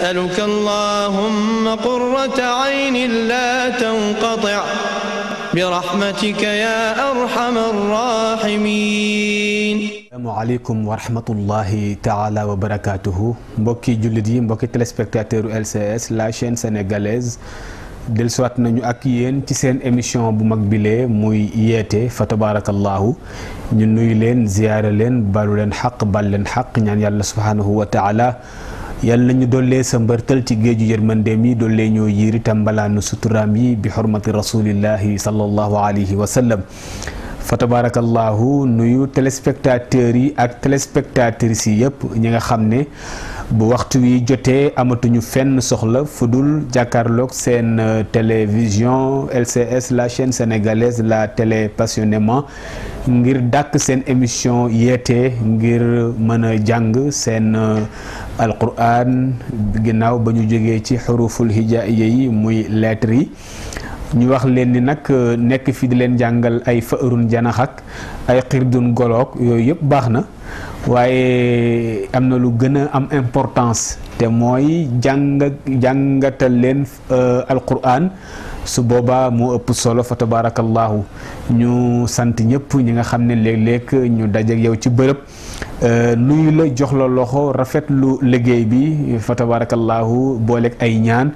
أسألك اللهم قرة عين لا تنقطع برحمتك يا أرحم الراحمين السلام عليكم ورحمة الله تعالى وبركاته بوكي جلدي مبكي تلسبكتاتير LCS لا شين سنغاليز دل سوات نانيو اكيين تي سين بو مقبلي موي ييتي فتبارك الله نيو نوي لين زياره لين بالو لين حق بال لين حق نيان الله سبحانه وتعالى yàlla nañu dollee sa mbërtal ci géeju yërmandeem yi dollee ñoo yiiri tambalaanu suturaam yi bi xurmati rasulillahi sallallahu alayhi wa sallam fa tabaarakallaahu nuyu téléspectateurs yi ak téléspectatrices yi yëpp ñi nga xam ne bu waxtu wi jotee amatuñu fenn soxla fu dul jàkkaarloog seen euh, télévision LCS la chaîne sénégalaise la télé passionnément ngir dàkk seen émission yeete ngir mën a jàng seen euh, alquran ginnaaw ba ñu jógee ci xuruful hijaiya yi muy lettres yi ñu wax leen ni nag euh, nekk fi di leen jàngal ay faërun janax ay xiir xirdun goloog yooyu yëpp baax na waaye am na lu gën a am importance te mooy jàng jàngatal leen euh, alquran su boobaa moo ëpp solo fa tabaarakallaahu ñu sant ñëpp ñi nga xam ne léeg-léeg ñu dajeek yow ci bërëb Euh, nuyu la jox la loxo rafetlu liggéey bi fa tabarakallahu booleeg ay ñaan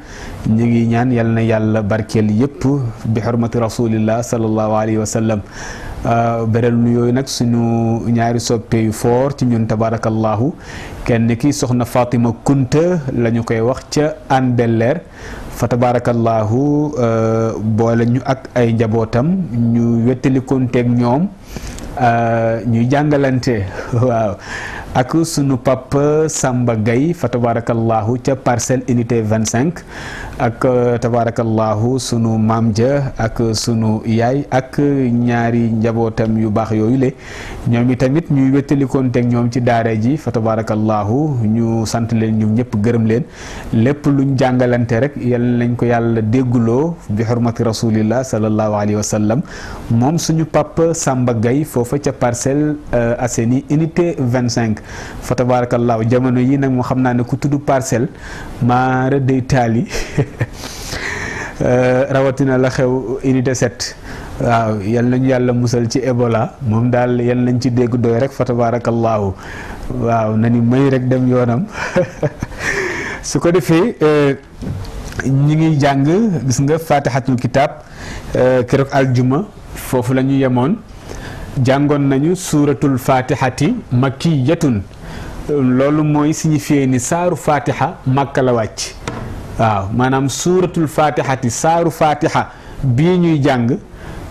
ñu ngi ñaan yal na yàlla barkeel yépp bi xurmati rasulillah sallallahu alayhi wa sallam euh, nu yooyu nag suñu ñaari soppe yu foor ci ñun tabarakallahu kenn ki soxna Fatima Kunta la ñu koy wax ca Hann Bel-Air fa tabarakallahu euh, boole ñu ak ay njabootam ñu wettali konteeg ñoom Euh, ñuy jàngalante waaw ak suñu papa Samba Gaye fa tabarakallahu ca parcelle unité vingt cinq ak tabarakallahu suñu maam ja ak sunu yaay ak ñaari njabootam yu baax yooyu le ñoom i tamit ñuy wettalikoon teg ñoom ci daara ji fa tabarakallahu ñu sant leen ñoom ñëpp gërëm leen lépp luñ jàngalante rek yal nañ ko yàlla dégguloo bi xurmati rasulillah sallallahu alayhi wa sallam moom suñu papa Samba Gaye foofa ca parcelle euh, Assainies unité 25 fa tabaarakallaahu jamono yi nag moo xam naa ne ku tudd parcelle maa rëdday taali euh, rawatina la xew unité set waaw yal nañu yàlla musal ci Ebola moom daal yal nañ ci dégg doy rek fa tabaarakallaahu waaw na ni may rek dem yoonam su ko defee euh, ñi ngi jàng gis nga fatihatul kitab euh, keroog aljuma foofu la yemoon jàngoon nañu suuratul fatihati makkiyatun loolu mooy signifié ni saaru fatiha makka la wàcc waaw maanaam suuratul fatihati saaru fatiha bi ñuy jàng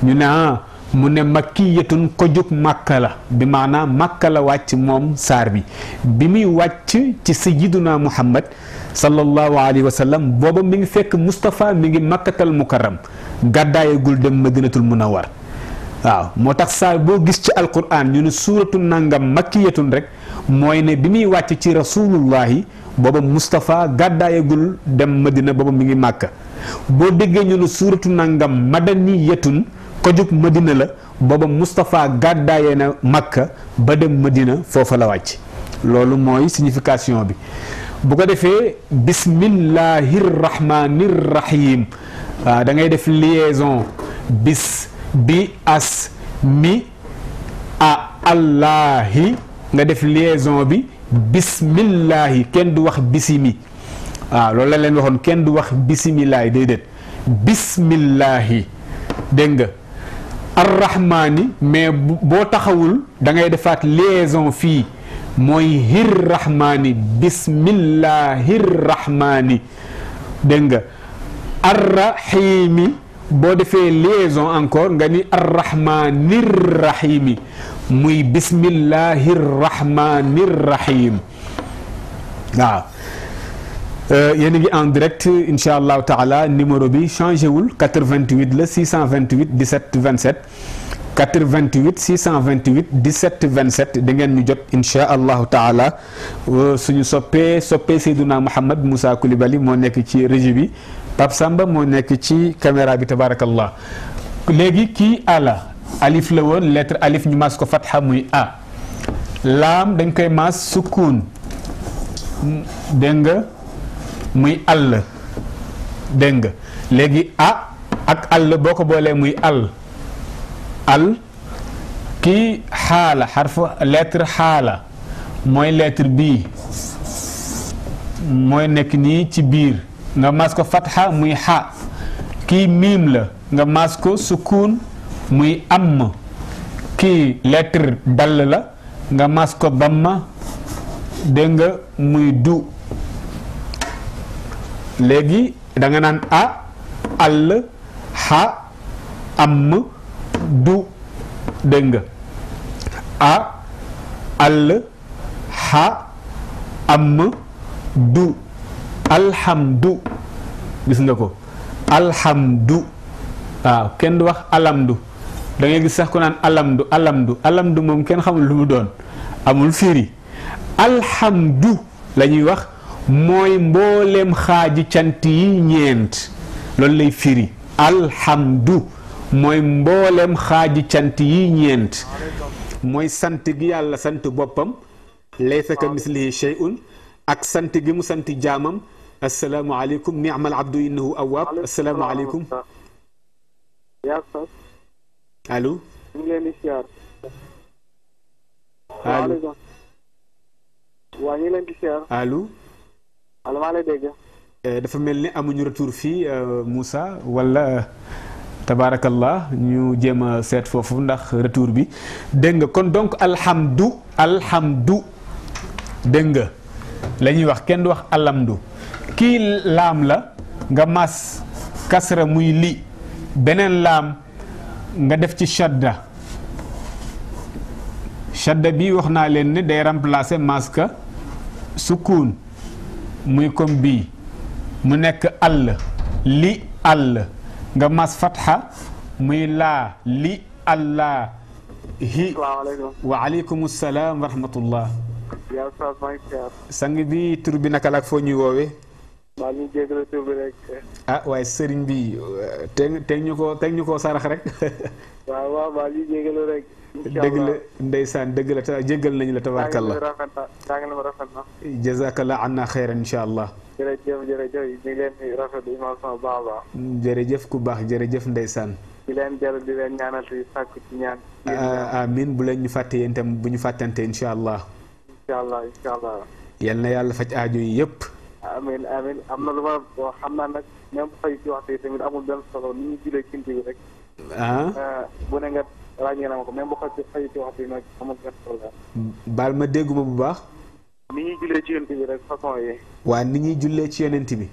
ñu ne ah mu ne makkiyatun ko jug makka la bi maanaam makka la wàcc moom saar bi bi muy wàcc ci sayyiduna muhammad sallallahu alayhi wa sallam booba mi ngi fekk Moustapha mi ngi makkatal mukarram gàddaayagul dem madinatul munawar waaw moo tax saa boo gis ci alquran ñu ne suuratu nangam makkiyatun rek mooy ne bi muy wàcc ci rasulullahi booba Moustapha gàddaayagul dem Madina booba mi ngi màkk boo déggee ñu ne suuratu nangam madaniyatun ko jug Madina la booba Moustapha gàddaayee na màkka ba dem Madina foofa la wàcc loolu mooy signification bi bu ko defee bismillahi rahmani rahim waaw dangay ngay def liaison bi asmi a allahi nga def liaison bi bismillahi ken du wax bisimi waaw loolu la len waxone ken du wax bisimilahi déedéet bismillahi deng nga arrahmani mais bo taxawul da ngay defat liaison fii mooy hirrahmani bismillahi rrahmani dégg ar boo defee liaison encore nga ni arrahmanir rahimi muy bismillahir rahmanir rahim waaw euh, yéen a ngi en direct incha allahu taala numéro bi changé wul 88 la 628 17 27 88 628 17 27 da ngeen ñu jot incha allahu taala euh, suñu soppee soppee Seydouna Mouhamed Moussa Coulibaly moo nekk ci régie bi. Pape Samba moo nekk ci caméra bi tabarakallah léegi kii ala alif la woon lettre alif ñu mas ko fatha muy a laam dañ koy mas sukkuun dégg muy àll dégg nga léegi a ak àll boo ko boolee muy àll àll kii xaala xarfu lettre xaala mooy lettre bi mooy nekk nii ci biir nga maas ko fatxa muy xa kii miim la nga maas ko sukkuun muy am kii lettre dal la nga maas ko damma dégg nga muy du léegi danga naan a àll xa am du dégg nga a àll xa am du alhamdu gis nga ko alhamdu waaw kenn du wax alamdu da ngay gis sax ku naan alamdu alamdu alamdu moom kenn xamul lu mu doon amul firi alhamdu la ñuy wax mooy mbooleem xaaji cant yi ñeent mooy cant yi ñeent mooy sant gi yàlla sant boppam lay ka mislihi shay'un ak sant gi mu sant jaamam السلام عليكم نعم العبد إنه أواب السلام عليكم يا أستاذ ألو مليني سيارة ألو واني لن تسير ألو ألو مالي ديجا آه، دفع ملني أمو نرتور في آه، موسى ولا آه، تبارك الله نيو جيما سيت فوفو ناخ رتور بي دنگ كون دونك الحمدو الحمدو دنگ لاني واخ كين واخ الحمدو kii laam la nga mas kasra muy li beneen laam nga def ci shadda shadda bi wax naa leen ne day remplacer maska sukkuun muy comme bi mu nekk àll li àll nga mas fatxa muy laa li àllaa hi wa aleykum salaam wa sang bi tur bi naka la foo ñuy woowe maa ngi jégalu tur ah waaye sëriñ bi teg teg ñu ko teg ñu ko sarax rek. waaw waaw maa ngi dëgg la ndeysaan dëgg la ta jégal nañu la tabaarkalla. jàng na ma rafet na. jazakallah anna xeyran incha allah. jërëjëf jërëjëf ñu ngi leen di baax a baax. ku baax jërëjëf ndeysaan. di leen jël di leen ñaanal di sàkku ci ñaan. Ah, ah, amiin bu leen ñu fàtte yéen itam bu ñu fàttante incha allah. incha allah. yal na yàlla faj aajo yi yëpp. amiin amiin am na lu ma boo xam naa nag même fay ci waxtu yi tamit amul benn solo ni ñu julee ci bi rek. ah eh, bu ne nga ràññee na ma ko même bu xasee fay ci waxtu yi nag amul benn solo. baal ma dégguma bu baax. ni ñuy jullee ci yonent bi rek façon yi. waa ni ñuy jullee ci yonent bi.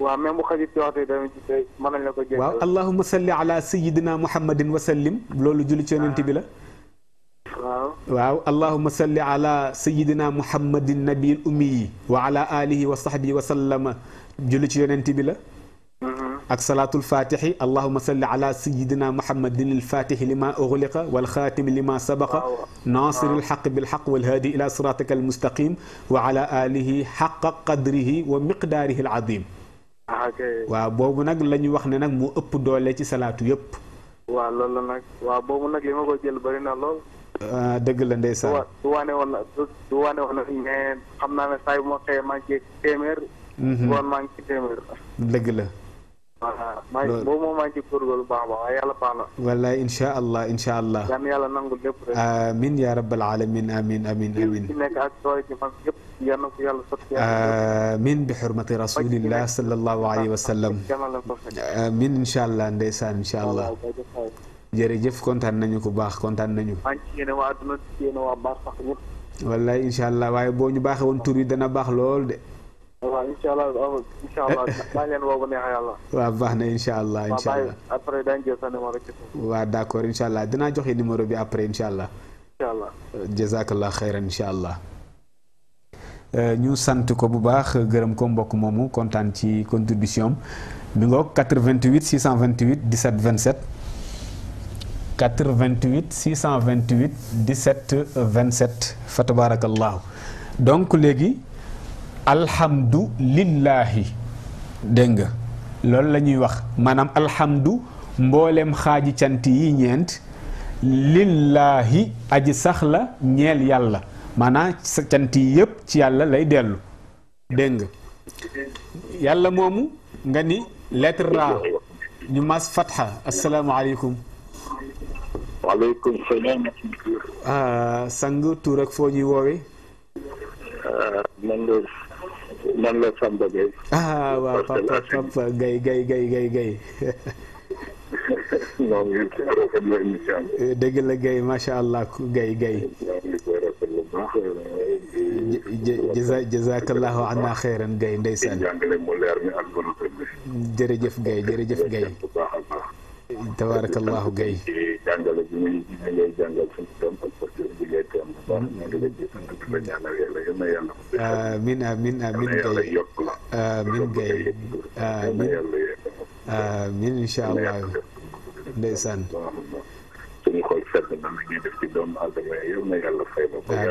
waaw même bu xasee ci waxtu yi tamit mën nañ la ko. jéem waaw allahumma salli ala sayyidina muhammadin wa sallim loolu julli ci yonent bi la. واو اللهم صل على سيدنا محمد النبي الامي وعلى اله وصحبه وسلم جولي يونتي بلا اك صلاه الفاتح اللهم صل على سيدنا محمد الفاتح لما اغلق والخاتم لما سبق ناصر الحق بالحق والهادي الى صراطك المستقيم وعلى اله حق قدره ومقداره العظيم آه، واو بوب نك لا ني واخ مو اوب دوله صلاه يوب وا لول نك وا بوب نك ليما كو جيل برينا لول Ah, dëgg la ndeysaan. waaw du wane woon du wane woon mais xam naa ne saa yu ma xëyee maa ngi téeméer. Mhm. ngoon maa a baax allah incha allah. yan ndeysaan incha allah. jëf kontaan nañu ku baax kontaan nañu. maa ngi waa àdduna yéene waa baax sax allah waaye boo ñu baaxee woon tur yi dana baax lool de. waaw incha allah incha allah baax na incha allah incha allah waaw après daañu allah dinaa joxe numéro bi après incha allah. incha allah jazakallah xayran incha allah. Euh, ñu sant ko bu baax gërëm ko mbokk moomu kontaan ci contribution am mi ngoog 88 628 17 27. 88 vingt 17 27 fa tabaarakallaahu donc léegi alhamdu lillahi dégg nga loolu la ñuy wax maanaam alhamdu mboolem xaaji cant yi ñeent lillahi aji sax la ñeel yàlla maanaam sa cant yi yëpp ci yàlla lay dellu dégg yàlla moomu nga ni lettre ra ñu mas fatxa asalaamaaleykum waaleykum salaam. Ah, sang tur ak foo ñuy woowee. Ah, man la man la Samba Gueye. ah waaw papa papa Gueye Gueye Gueye Gueye eh, la Gueye macha allah Gueye Gueye. ñoo ngi koy rafetlu bu baax. jë jazakallahu anna xeeran Gueye ndeysaan. tabaarakallahu gay jàngale bi muy bi ngay jàngal suñu doom ak parce que bi ngay teem bu baax ñu ngi la ji sant di la ñaanal yàlla yal na yàlla ko amin amin amin gay amin gay amin incha allah ndeysaan suñu xool sedd na mi ngi def ci doomu aadama yal na yàlla fay ma ko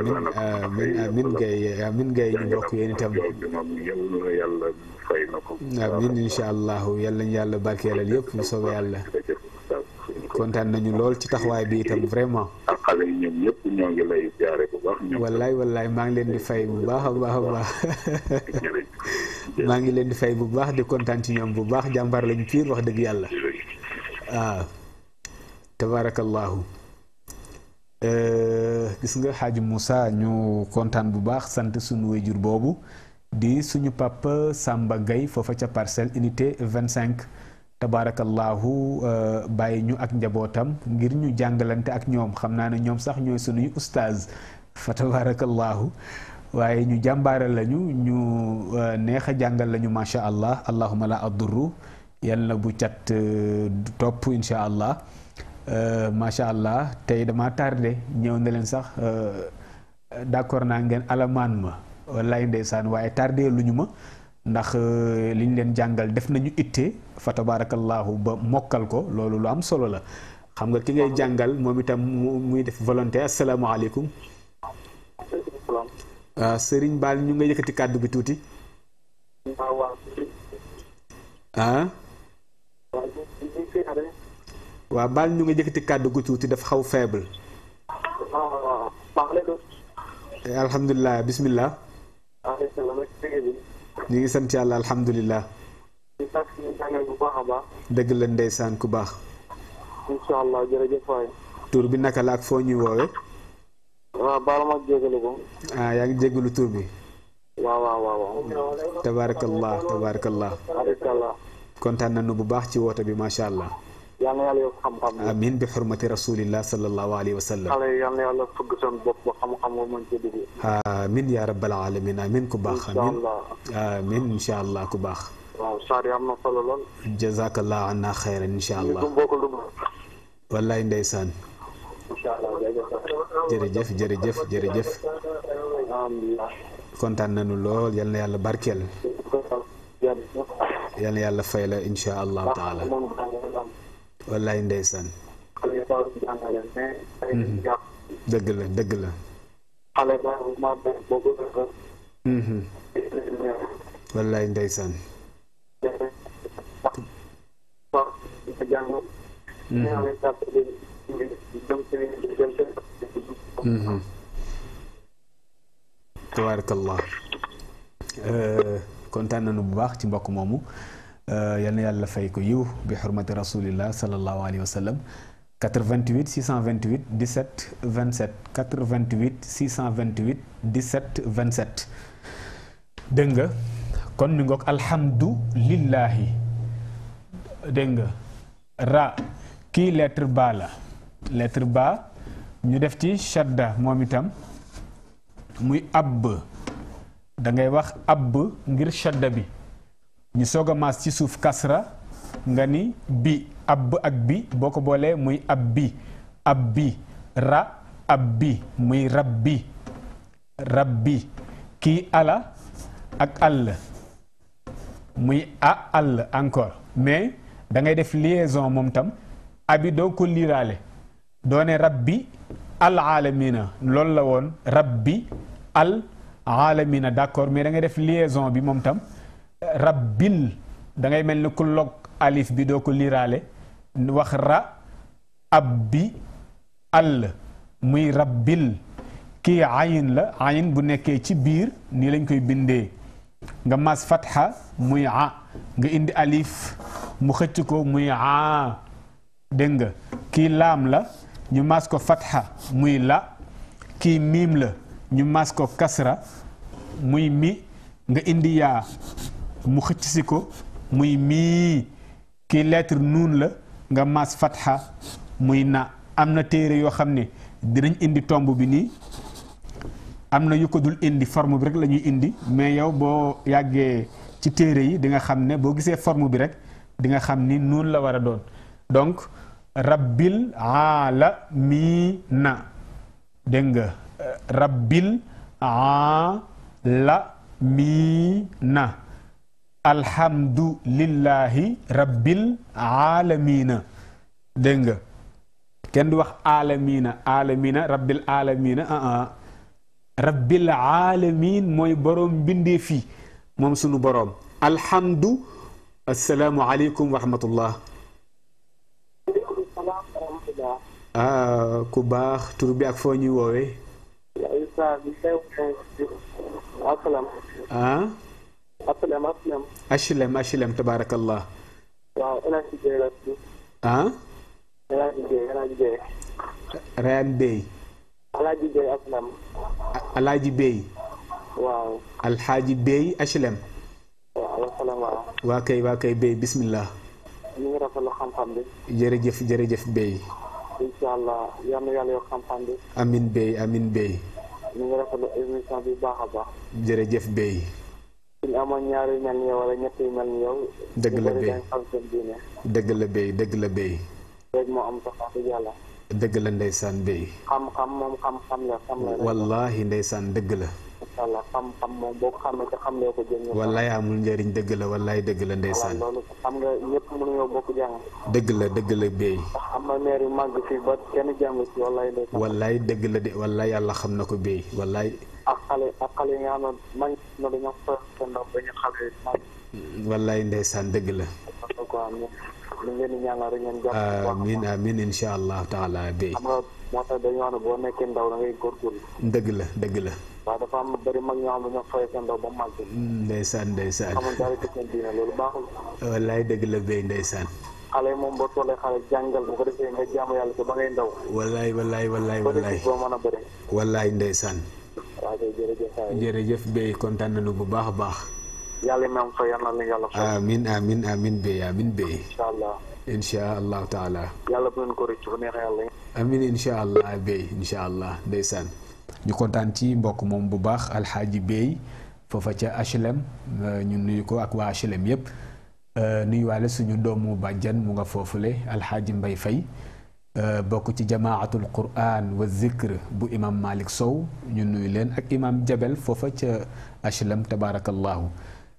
amin amin gay amin gay ñu bokk yéen itam yàlla fay na ko amin incha allah yal nañu yàlla barkeelal yëpp bu soobee yàlla kontaan nañu lool ci taxawaay bi itam vraiment. ak wallaay wallaay maa ngi leen di fay bu baax a baax a baax. maa ngi leen di fay bu baax di kontaan ci ñoom bu baax jàmbaar lañu piir wax dëgg yàlla. waaw ah. tabaarakallaahu euh, gis nga xaaju Moussa ñu kontaan bu baax sant suñu wéjur boobu di suñu papa Samba gay foofa ca parcelle unité tabaarakallaahu euh, bàyyi ñu ak njabootam ngir ñu jàngalante ak ñoom xam naa ne ñoom sax ñooy sunuy ustaaz fa tabaarakallaahu waaye ñu jàmbaare lañu ñu euh, neex jàngal lañu macha allah allahuma la adduru yal na bu cat euh, topp incha allah macha allah tey dama tardé ñëw na leen sax d'accord naa ngeen alamaan ma wallaay ndeysaan waaye tardé luñu ma. ndax euh, li ñu leen jàngal def nañu itte fa tabaarakallaahu ba mokkal ko loolu lu am solo la xam nga ki ngay jàngal moom itam muy def volonté asalaamaaleykum. waaw ah, sëriñ Baal ñu nga yëkkati kàddu bi tuuti. ah. waaw ñu nga yëkkati kàddu gu tuuti daf xaw faible. Ah, eh, alhamdulilah bismillah. ñu ngi sant yàlla alhamdulilah. di tax bu baax dëgg la ndeysaan ku baax. incha tur bi naka la ak foo ñuy woowee. waaw ah, baal ah yaa ngi jégalu tur bi. waaw waaw waaw. tabaarakallah tabaarakallah. kontaan nañu bu baax ci woote bi macha allah. yal na yàlla yokk xam-xam amin bi xurmati rasulillah sallallahu alayhi wa sallam xale yal na yàlla fëgg seen bopp ba xam-xam ba mën ci dugg amin yaa rabbal alamin amin ku baax amin amin incha allah ku baax waaw saar yi am na solo lool jazakallah anna xayran incha allah wallaay ndeysaan jërëjëf jërëjëf jërëjëf kontaan nañu lool yal na yàlla barkeel yal na yàlla fay la incha allahu taala wallaay ndeysaan dëgg mm-hmm. dëgg la mm-hmm. wallaay mm-hmm. euh, kontaan nañu bu baax ci mbokk moomu آه، يعني الله فيكويه بحرمة رسول الله صلى الله عليه وسلم 88-628-17-27 دنجا كون نيغوك الحمد لله دنجا را كي لتر با لا لتر با ندفتي دفتي شادة موميتام موي أب دنجا يواخ أب نغير شادة بي ñu soog a maas ci suuf kasra nga ni bi ab ak bi boo ko boolee muy ab bi ab bi ra ab bi muy rabbi rabbi kii ala ak àll muy a àll encore mais dangay ngay def liaison moom tam abi doo ko liiraale rab bi al aalamina loolu la woon rab rabbi al aalamina d'accord mais da ngay def liaison bi moom tam rabbil dangay ngay mel ni ku log alif bi doo ko liiraale wax ra ab bi àll muy rabbil kii ayin la ayin bu nekkee ci biir nii lañ koy bindee nga mas fatha muy a nga indi alif mu xëcc ko muy a dégg nga kii laam la ñu mas ko fatha muy la kii miim la ñu mas ko kasra muy mi nga indi yaa mu xëcc si ko muy mii kii lettre nuun la nga mas fatha muy na am na téere yoo xam ne dinañ indi tomb bi nii am na yu ko dul indi forme bi rek la ñuy indi mais yow boo yàggee ci téere yi di nga xam ne boo gisee form bi rek di nga xam ni nuun la war a doon donc rabbil aalamiina dégg nga rabbil aalamiina alhamdulillahi rabbil alamina dégg nga kenn du wax alamina alamina rabbil alamina ah ah rabbil alamin mooy boroom bindee fii moom sunu boroom alhamdu asalaamu aleykum wa rahmatullah ah ku baax tur bi ak foo ñuy woowee ah أسلم أسلم أشلم أشلم تبارك الله ah alaaji Gueye alaaji Gueye Rayan Bey alaaji Bey aslam alaaji Bey waaw alxaaji Bey HLM waaw asalaam waa kay waa kay Bey bismillah ñu ngi rafetlu xam-xam bi jërëjëf jërëjëf Bey incha allah yal na yàlla yokk xam-xam bi amin Bey amin Bey ñu ngi rafetlu émission bi baax a baax jërëjëf Bey suñ amoon ñaari mel ni wala mel yow dëgg la béy dëgg la béy dëgg la béy rek moo am sax wax yàlla dëgg la ndeysaan béy xam-xam moom xam-xam la xam la wallahi ndeysaan dëgg la Allah xam-xam moom boo ko xamee xam loo ko jëm wallaay amul njëriñ dëgg la wallaay dëgg la ndeysaan xam nga ñëpp mënuñoo bokk jàng dëgg la la xam ba kenn ci la de xam xale ak xale yi nga xam ne man na dañoo xool seen ndox ba ñu xamee wallaay ndeysaan dëgg la amin amin insha allah taala bi moo tax dañu wax ne boo nekkee ndaw da ngay góorgóorlu dëgg la dëgg la waaw dafa am bëri mag ñoo xam ne ñoo fay seen ndaw ba màgg mm, ndeysaan ndeysaan amul dara ci seen diine loolu baaxul wallaay dëgg la béy ndeysaan xale moom boo tollee xale jàngal bu ko defee nga jaamu yàlla ba ngay ndaw wallaay wallaay wallaay wallaay boo mën a bëri wallaay ndeysaan waaw jërëjëf jërëjëf kontaan nañu bu baax a baax. yàlla na am fa yàlla na yàlla fa. amiin amiin amiin Bey allah incha allahu yàlla bu leen ko allah Bey incha ñu kontaan ci mbokk moom bu baax alxaaji Bey foofa ca HLM euh, ñu nuyu ko ak waa HLM yëpp euh, nuyuwaale suñu doomu bàjjan mu nga foofule alxaaji Mbay Fay. Euh, bokk ci jamaatul quran wa zikr bu imam Malick Sow ñu nuyu leen ak imam Jabel foofa ca HLM tabaarakallaahu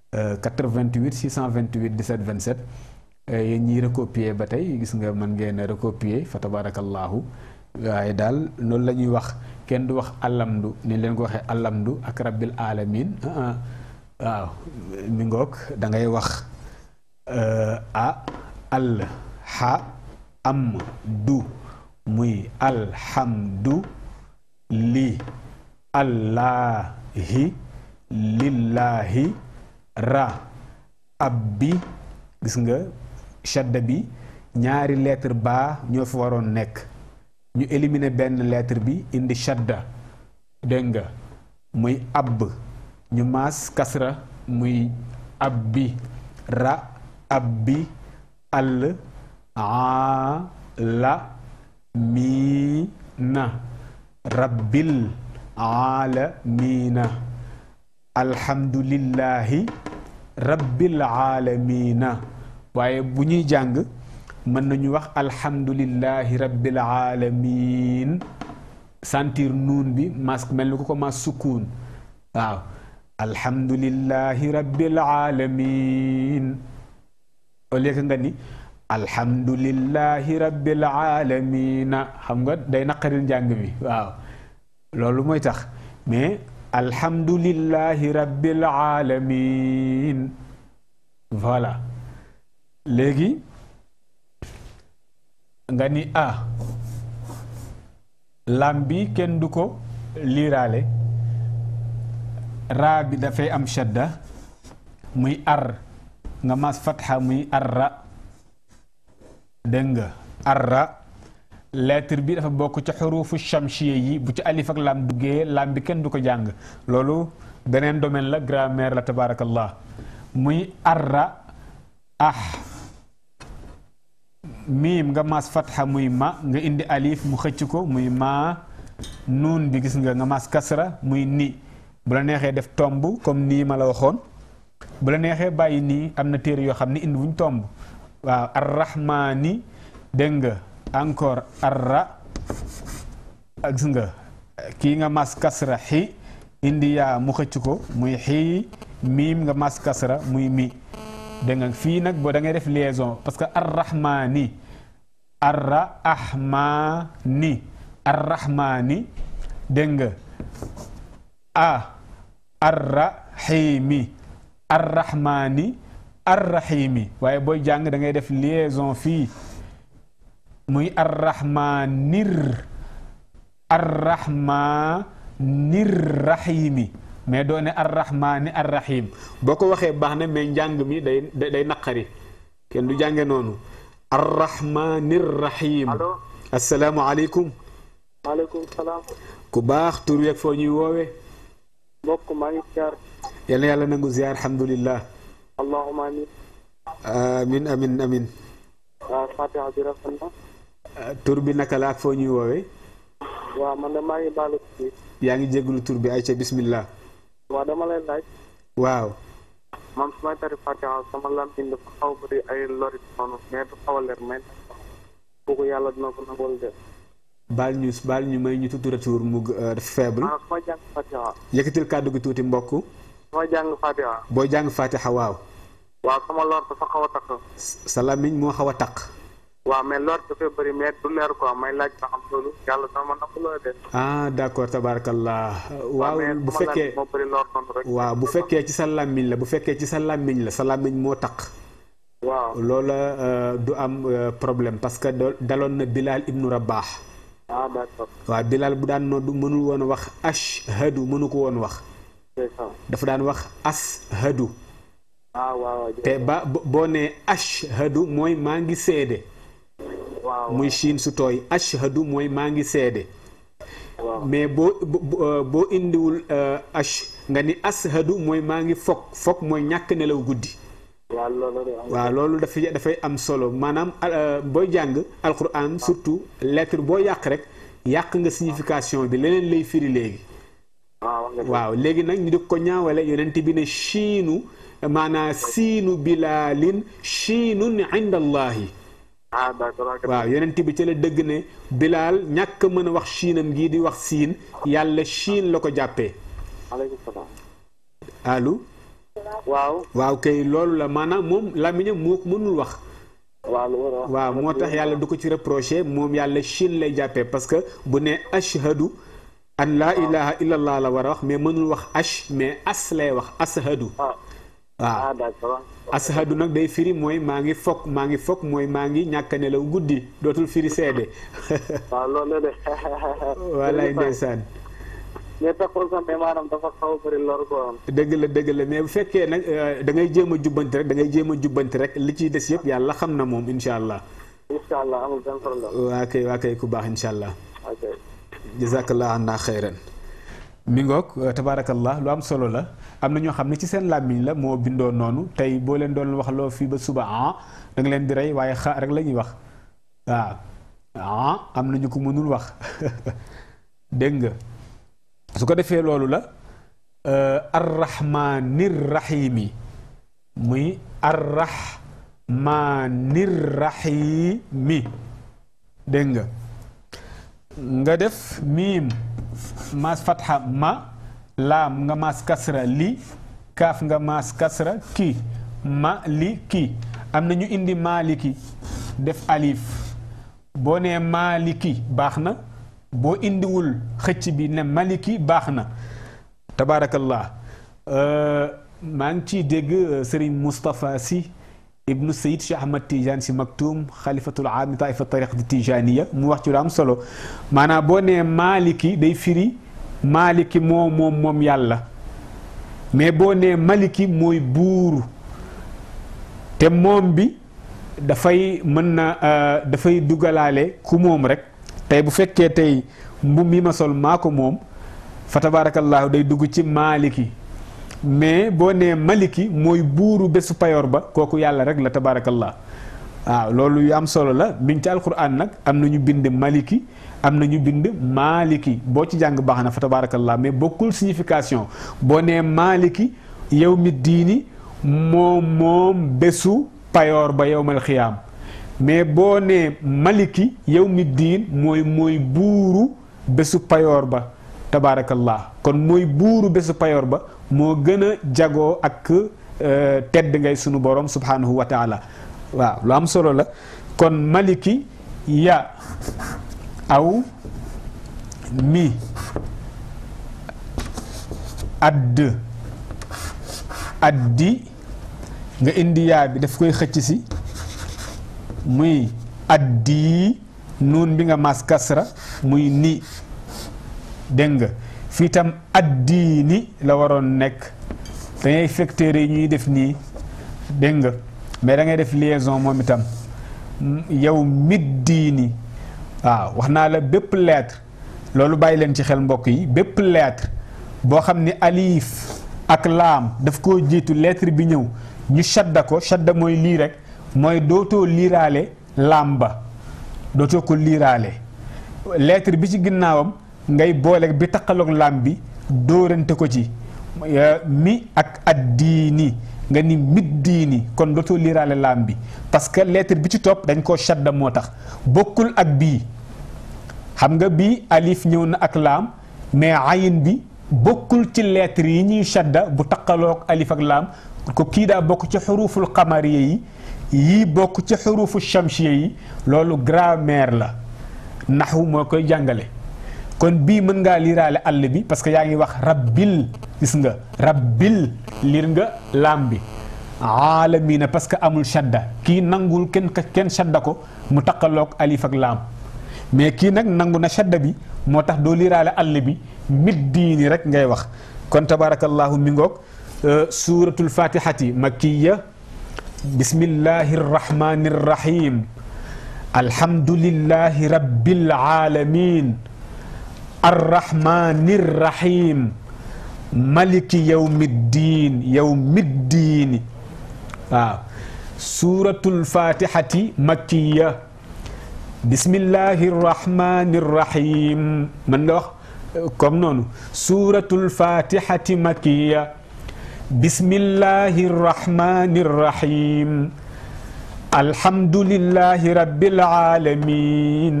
88 628 17 27 yéen ñiy recopier ba tey gis nga mën ngeen a recopier fa tabaarakallaahu waaye daal loolu lañuy wax kenn du wax alamdu ni leen ko waxee alamdu ak rabbil alamin ah, ah. waaw mi ngoog da wax euh, a all xa am du muy alhamdu li allahi lillahi ra ab bi gis nga shadda bi ñaari lettre baa ñoo fi waroon nekk ñu éliminer benn lettre bi indi shadda dégg nga muy ab ñu maas kasra muy ab bi ra ab bi àll aalamiina rabbil aalamiina alhamdulillahi rabbil aalamiina waaye bu ñuy jàng mën nañu wax alhamdulillahi rabbil aalamiin sentir nuun bi masque mel ni ko ko mas sukkuun waaw alhamdulillahi rabbil aalamiin au lieu nga ni alhamdulillahi rabbil aalamiina xam nga day naqaril njàng mi waaw loolu mooy tax mais alhamdulillahi rabbil aalamiin voilà léegi nga ni a ah, lam bi kenn du ko liiraale raa bi dafay am shadda muy ar nga mas fatxa muy arra Denga arra lettre bi dafa bokku ci hurufu chamsiye yi bu ci alif ak lam duggee lam bi lalu duko jang jàng benen domaine la grammaire la tabarakallah muy arra ah mim nga mas fatha muy ma nga indi alif mu xëcc ko muy ma nun bi gis nga nga mas kasra muy ni bu la neexee def tombu comme ni ma la waxoon bu la neexee bayyi ni amna yo xamni indi wuñ wa Rahmani dégg Angkor arra gis nga kii nga mas kasra hi indi yaa mu xëcc ko muy hi mim nga mas kasra muy mi denga fi nak bo da ngay def liaison parce que arra ahmani ar-rahmani a arra Ar Rahmani arrahimi waaye booy jàng da ngay def liaison fii muy arrahmanir arrahmanir rahimi mais doone arrahmani arrahim boo ko waxee baax na mais njàng mi day day naqari kenn du jànge noonu arrahmanir rahim asalaamualeykum maaleykum salaam ku baax tur yeeg foo ñuy woowe mbokk maa ngi ziar yàlla nangu ziar alhamdulillah allahumma amin amin amin fatiha bi rafet na eh, tur bi naka la ak foo ñuy woowee waaw man de maa ngi baalu yaa ngi jégalu tur bi ay ca bismillah waaw dama lay laaj waaw man su may tari fatiha sama lammiñ dafa xaw bëri du xaw ko nangol de baal ñu baal ñu may ñu tuuti retour mu eh, faible ah, yëkkatil kàddu gi tuuti mbokk boo jàng fatiha waaw waaw sama xaw a sa làmmiñ moo xaw a takk. waaw mais lor leer quoi may laaj ba ah d' accord tabaarakallah. waaw bu fekkee waaw bu fekkee ci sa làmmiñ la bu fekkee ci sa làmmiñ la sa làmmiñ moo takk. waaw loola euh, du am euh, problème parce que daloon na Bilal Ibnu Rabaax. ah d' accord waaw Bilal bu daan mënul woon wax ashhadu mënu ko woon wax. dafa daan wax ashhadu. Ah, waaw waaw te ba boo nee ashhadu mooy maa ngi seede. muy shiin su tooy ashhadu mooy maa ngi seede. mais boo euh, boo indiwul euh, ash nga ni ashadu mooy maa ngi fokk fokk mooy ñàkk nelaw guddi. waaw loolu dafay dafay am solo maanaam euh, booy jàng alquran surtout lettre boo yàq rek yàq nga signification bi leneen lay firi léegi. Ah, waaw léegi nag ñu di ko ñaawale yonent bi ne shiinu. معنى سين بلال شين عند الله واو يننتي بيتي لا دغ ني بلال نياك من واخ شينم جي دي واخ سين يالا شين لاكو جابي الو واو واو كي لولو لا مانا موم لامين موك منول واخ واو موتاخ يالا دوكو سي ريبروشي موم يالا شين لاي جابي باسكو بو ني اشهد ان لا اله الا الله لا واخ مي منول واخ اش مي اس لاي واخ اشهد waaw ah, d'accord nag day firi mooy maa ngi fokk maa ngi fokk mooy maa ngi ñàkk nelaw guddi dootul firi seede. waaw loolu de. walaay ndeysaan. mais dëgg la dëgg la mais bu fekkee nag euh, dangay jéem a jubbanti rek da ngay jéem a jubbanti rek li ciy des yëpp yàlla xam na moom incha allah. incha waa kay waa kay ku baax incha allah. ok. jazakallah anna xayran. mi ngoog tabaarakallah lu am solo la. am na ñoo xam ne ci seen làmmiñ la moo bindoo noonu tey boo leen doon wax loo fii ba suba ah da leen di rey waaye xa rek la wax waaw ah, am na ñu ko mënul wax dégg nga su ko defee loolu la euh, arrahmanir rahimi muy arrahmanir rahimi dégg nga nga def miim maas fatha ma laam nga mas kasra li kaaf nga mas kasra ki ma li ki am na ñu indi maaliki def alif boo nee maliki baax na boo indiwul xëcc bi ne maliki baax na tabaarakallah euh, maa ngi ciy dégg euh, sëriñ Moustapha Sy ibnu Sayid si Ahmad Tijaan Sy Maktoum xalifatul aam taifa tariq Tijaaniya mu wax ci lu am solo maanaam boo nee maaliki day firi maaliki moo moom moom yàlla mais boo nee maliki mooy buuru te moom bi dafay mën na euh, dafay dugalaale ku moom rek tey bu fekkee tey mbub mi ma sol maa ko moom fa tabaarakallaahu day dugg ci maaliki mais boo nee maliki mooy buuru bésu payoor ba kooku yàlla rek la tabaarakallah waaw loolu yu am solo la duñ ci alquran nag am na ñu bind maliki am na ñu bind maliki boo ci jàng baax na fa tabaarakallah mais bokkul signification boo nee maliki yow mi diini moom moom bésu payoor ba yowmal xiyaam mais boo nee maliki yow mi diin mooy mooy buuru bésu payoor ba tabaarakallah kon mooy buuru bésu payoor ba moo gën a jagoo ak euh, tedd ngay sunu borom subhanahu wa waaw lu am solo la kon maliki ya aw mi add addi nga indi bi daf koy xëcc si muy addi nuun bi nga mas kasra muy nii dégg nga fii tam addi ni la waroon nekk dangay fekk téere yi ñuy def nii dégg mais da ngay def liaison moom itam yow mid diini waaw wax naa la bépp lettre loolu bàyyi leen ci xel mbokk yi bépp lettre boo xam ne alif ak laam daf koo jiitu lettre bi ñëw ñu shadda ko shadda mooy lii rek mooy dootoo liiraale laam ba dootoo ko liiraale lettre bi ci ginnaawam ngay boole bi taqaloog laam bi dóorante ko ci mi ak addiini nga ni middiini kon dootoo liiraale laam bi parce que lettre bi ci topp dañ koo shadda moo tax bokkul ak bii xam nga bii alif ñëw na ak laam mais ayin bi bokkul ci lettre yi ñuy shadda bu taqaloog alif ak laam ko kii daa bokk ci xuruful xamariya yi yii bokk ci xurufu chamsiya yi loolu grammaire la naxu moo koy jàngale kon bii mën ngaa liiraale àll bi parce que yaa ngi wax rabbil gis nga rabbil liir nga laam bi aalamiina parce que amul shadda kii nangul kenn kenn shadda ko mu taqaloog alif ak laam mais kii nag nangu na shadda bi moo tax doo liiraale àll bi mid rek ngay wax kon tabarakallahu mi ngoog euh, suratul fatihati makkiya bismillahi rrahmani rrahim alhamdulillahi rabbil alamin arrahmani rrahim maliki yawmi ddiin yawmi ddiini waaw suuratul fatihati makkiya bismillahi rrahmani rrahim mën nga wax comme noonu suuratul fatihati makkiya bismillahi rrahmani rrahim alhamdulillahi rabbil alamin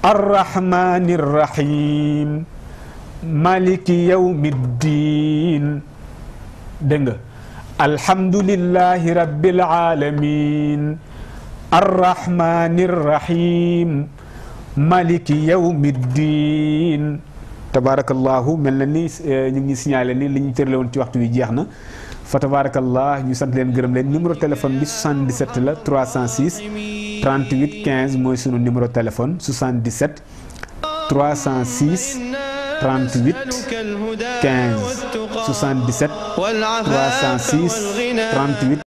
الرحمن الرحيم مالك يوم الدين دنگ الحمد لله رب العالمين الرحمن الرحيم مالك يوم الدين تبارك الله na ni ñu ngi signalé ni تي وقت وي جيخنا fa tabarakallah ñu sant leen gërëm leen numéro téléphone bi 77 la 306 38 15 mooy sunu numéro téléphone 77 306 38 15 77 306 38